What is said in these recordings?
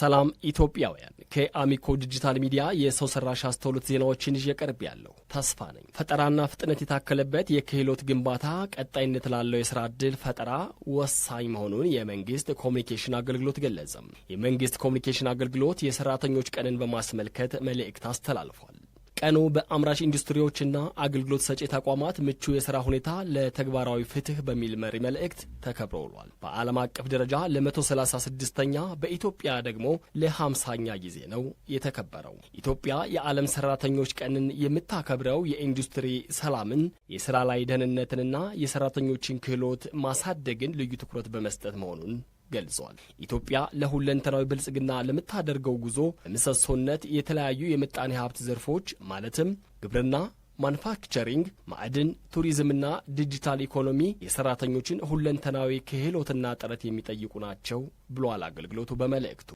ሰላም ኢትዮጵያውያን፣ ከአሚኮ ዲጂታል ሚዲያ የሰው ሰራሽ አስተውሎት ዜናዎችን ይዤ ቀርብ ያለው ተስፋ ነኝ። ፈጠራና ፍጥነት የታከለበት የክህሎት ግንባታ ቀጣይነት ላለው የስራ እድል ፈጠራ ወሳኝ መሆኑን የመንግስት ኮሚኒኬሽን አገልግሎት ገለጸም። የመንግስት ኮሚኒኬሽን አገልግሎት የሰራተኞች ቀንን በማስመልከት መልእክት አስተላልፏል። ቀኑ በአምራች ኢንዱስትሪዎችና አገልግሎት ሰጪ ተቋማት ምቹ የሥራ ሁኔታ ለተግባራዊ ፍትህ በሚል መሪ መልእክት ተከብሮ ውሏል። በዓለም አቀፍ ደረጃ ለ136ኛ በኢትዮጵያ ደግሞ ለ50ኛ ጊዜ ነው የተከበረው። ኢትዮጵያ የዓለም ሰራተኞች ቀንን የምታከብረው የኢንዱስትሪ ሰላምን፣ የሥራ ላይ ደህንነትንና የሰራተኞችን ክህሎት ማሳደግን ልዩ ትኩረት በመስጠት መሆኑን ገልጿል። ኢትዮጵያ ለሁለንተናዊ ብልጽግና ለምታደርገው ጉዞ በምሰሶነት የተለያዩ የምጣኔ ሀብት ዘርፎች ማለትም ግብርና ማኑፋክቸሪንግ፣ ማዕድን፣ ቱሪዝምና ዲጂታል ኢኮኖሚ የሰራተኞችን ሁለንተናዊ ክህሎትና ጥረት የሚጠይቁ ናቸው ብሏል አገልግሎቱ በመልእክቱ።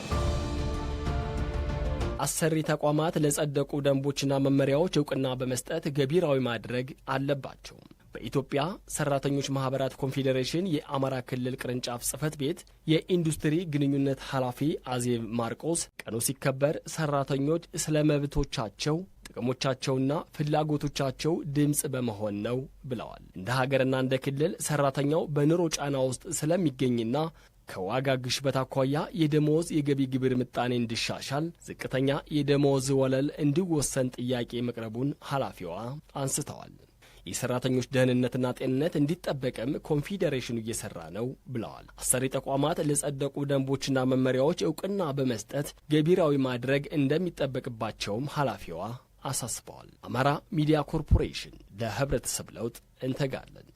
አሰሪ ተቋማት ለጸደቁ ደንቦችና መመሪያዎች እውቅና በመስጠት ገቢራዊ ማድረግ አለባቸው። በኢትዮጵያ ሰራተኞች ማህበራት ኮንፌዴሬሽን የአማራ ክልል ቅርንጫፍ ጽህፈት ቤት የኢንዱስትሪ ግንኙነት ኃላፊ አዜብ ማርቆስ ቀኑ ሲከበር ሰራተኞች ስለ መብቶቻቸው ጥቅሞቻቸውና ፍላጎቶቻቸው ድምፅ በመሆን ነው ብለዋል። እንደ ሀገርና እንደ ክልል ሰራተኛው በኑሮ ጫና ውስጥ ስለሚገኝና ከዋጋ ግሽበት አኳያ የደሞዝ የገቢ ግብር ምጣኔ እንዲሻሻል ዝቅተኛ የደሞዝ ወለል እንዲወሰን ጥያቄ መቅረቡን ኃላፊዋ አንስተዋል። የሰራተኞች ደህንነትና ጤንነት እንዲጠበቅም ኮንፌዴሬሽኑ እየሰራ ነው ብለዋል። አሰሪ ተቋማት ለጸደቁ ደንቦችና መመሪያዎች እውቅና በመስጠት ገቢራዊ ማድረግ እንደሚጠበቅባቸውም ኃላፊዋ አሳስበዋል። አማራ ሚዲያ ኮርፖሬሽን ለህብረተሰብ ለውጥ እንተጋለን።